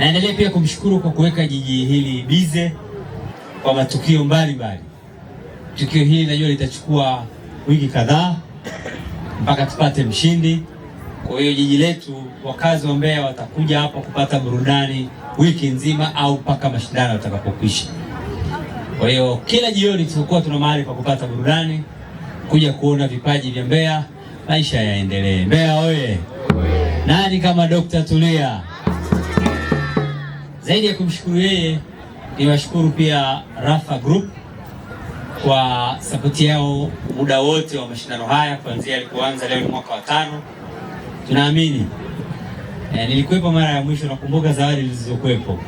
Naendelea pia kumshukuru kwa kuweka jiji hili bize kwa matukio mbalimbali. Tukio hili najua litachukua wiki kadhaa mpaka tupate mshindi. Kwa hiyo jiji letu, wakazi wa Mbeya watakuja hapa kupata burudani wiki nzima au mpaka mashindano yatakapokwisha. Kwa hiyo kila jioni tutakuwa tuna mahali pa kupata burudani, kuja kuona vipaji vya Mbeya, maisha yaendelee. Mbeya oye! Nani kama Dr. Tulia? Zaidi ya kumshukuru yeye, niwashukuru pia Rafa Group kwa sapoti yao muda wote wa mashindano haya kuanzia alipoanza. Leo ni mwaka wa tano, tunaamini e, nilikuwepo mara ya mwisho, nakumbuka zawadi zilizokuwepo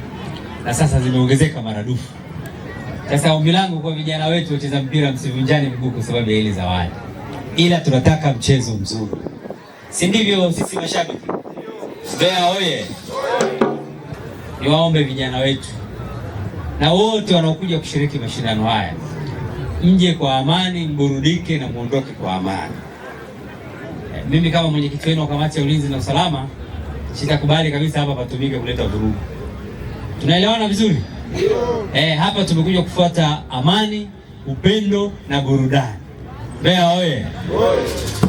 na sasa zimeongezeka maradufu. Sasa ombi langu kwa vijana wetu wacheza mpira, msivunjane mguu kwa sababu ya ile zawadi, ila tunataka mchezo mzuri, si ndivyo? Sisi mashabiki Mbeya oye! niwaombe vijana wetu na wote wanaokuja kushiriki mashindano haya, mje kwa amani, mburudike na muondoke kwa amani. E, mimi kama mwenyekiti wenu wa kamati ya ulinzi na usalama sitakubali kabisa hapa patumike kuleta vurugu. Tunaelewana vizuri e? Hapa tumekuja kufuata amani, upendo na burudani. Mbeya oye!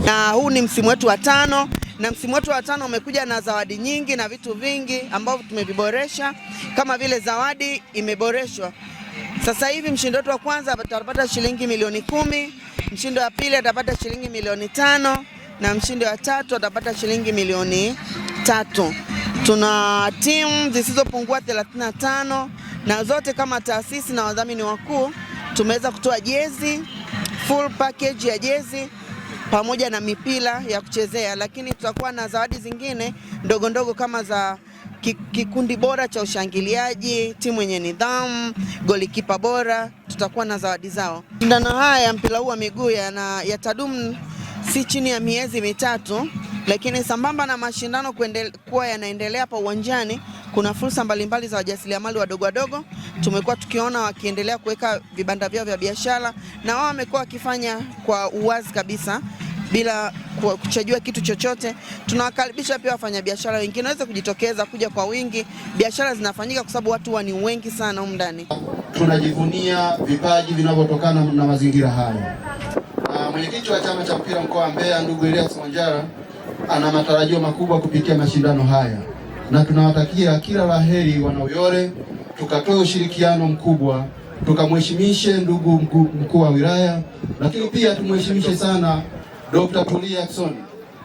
Na huu ni msimu wetu wa tano na msimu wetu wa tano umekuja na zawadi nyingi na vitu vingi ambavyo tumeviboresha, kama vile zawadi imeboreshwa. Sasa hivi mshindi wetu wa kwanza atapata shilingi milioni kumi, mshindi wa pili atapata shilingi milioni tano na mshindi wa tatu atapata shilingi milioni tatu. Tuna timu zisizopungua 35 na zote kama taasisi na wadhamini wakuu tumeweza kutoa jezi, full package ya jezi pamoja na mipira ya kuchezea, lakini tutakuwa na zawadi zingine ndogo ndogo kama za kikundi bora cha ushangiliaji, timu yenye nidhamu, golikipa bora, tutakuwa na zawadi zao. Mashindano haya ya mpira huu wa miguu yatadumu si chini ya miezi mitatu, lakini sambamba na mashindano kuwa yanaendelea hapa uwanjani kuna fursa mbalimbali za wajasiriamali wadogo wadogo, tumekuwa tukiona wakiendelea kuweka vibanda vyao vya biashara, na wao wamekuwa wakifanya kwa uwazi kabisa bila kuchajua kitu chochote. Tunawakaribisha pia wafanyabiashara wengine waweze kujitokeza kuja kwa wingi, biashara zinafanyika kwa sababu watu ni wengi sana humu ndani. Tunajivunia vipaji vinavyotokana na mazingira haya. Ah, mwenyekiti wa chama cha mpira mkoa wa Mbeya, ndugu Elias Mwanjara, ana matarajio makubwa kupitia mashindano haya na tunawatakia kila laheri wanauyole. Tukatoe ushirikiano mkubwa, tukamheshimishe ndugu mkuu wa wilaya, lakini pia tumheshimishe sana Dr. Tulia Ackson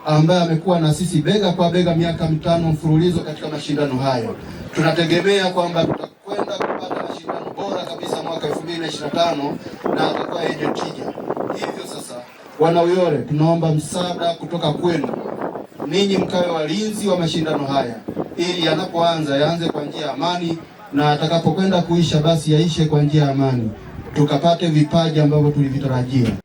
ambaye amekuwa na sisi bega kwa bega miaka mitano mfululizo katika mashindano hayo. Tunategemea kwamba tutakwenda kupata mashindano bora kabisa mwaka 2025 na atakuwa yenye tija. Hivyo sasa, wanauyole, tunaomba msaada kutoka kwenu, ninyi mkawe walinzi wa mashindano haya ili yanapoanza yaanze kwa njia ya amani na atakapokwenda kuisha basi yaishe kwa njia ya amani, tukapate vipaji ambavyo tulivitarajia.